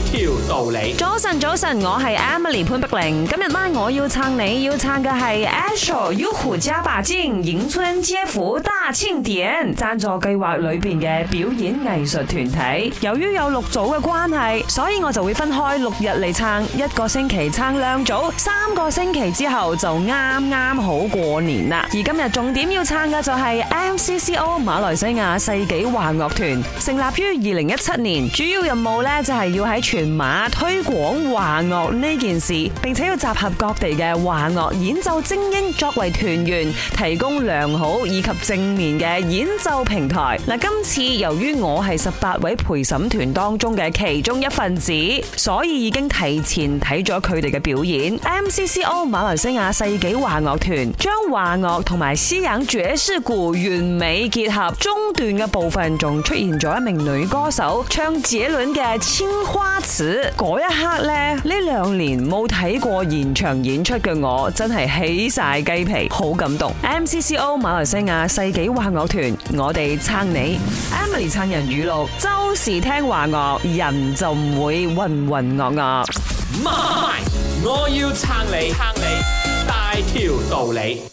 條道理。早晨，早晨，我係 Emily 潘碧玲。今日晚我要撐你，要撐嘅係 Astro Uhu 加白貞、jin, 影村 G F、大慶典。贊助計劃裏邊嘅表演藝術團體，由於有六組嘅關係，所以我就會分開六日嚟撐，一個星期撐兩組，三個星期之後就啱啱好過年啦。而今日重點要撐嘅就係 M C C O 馬來西亞世紀華樂團，成立於二零一七年，主要任務呢就係要喺。全馬推廣華樂呢件事，並且要集合各地嘅華樂演奏精英作為團員，提供良好以及正面嘅演奏平台。嗱，今次由於我係十八位陪審團當中嘅其中一份子，所以已經提前睇咗佢哋嘅表演。MCCO 馬來西亞世紀華樂團將華樂同埋西洋爵士鼓完美結合，中段嘅部分仲出現咗一名女歌手唱《杰倫嘅青花》。嗰一刻呢，呢兩年冇睇過現場演出嘅我，真係起晒雞皮，好感動。MCCO 馬來西亞世紀華樂團，我哋撐你。Emily 撐人語錄，周時聽華樂，人就唔會渾渾噩噩。媽咪，我要撐你，撐你，大條道理。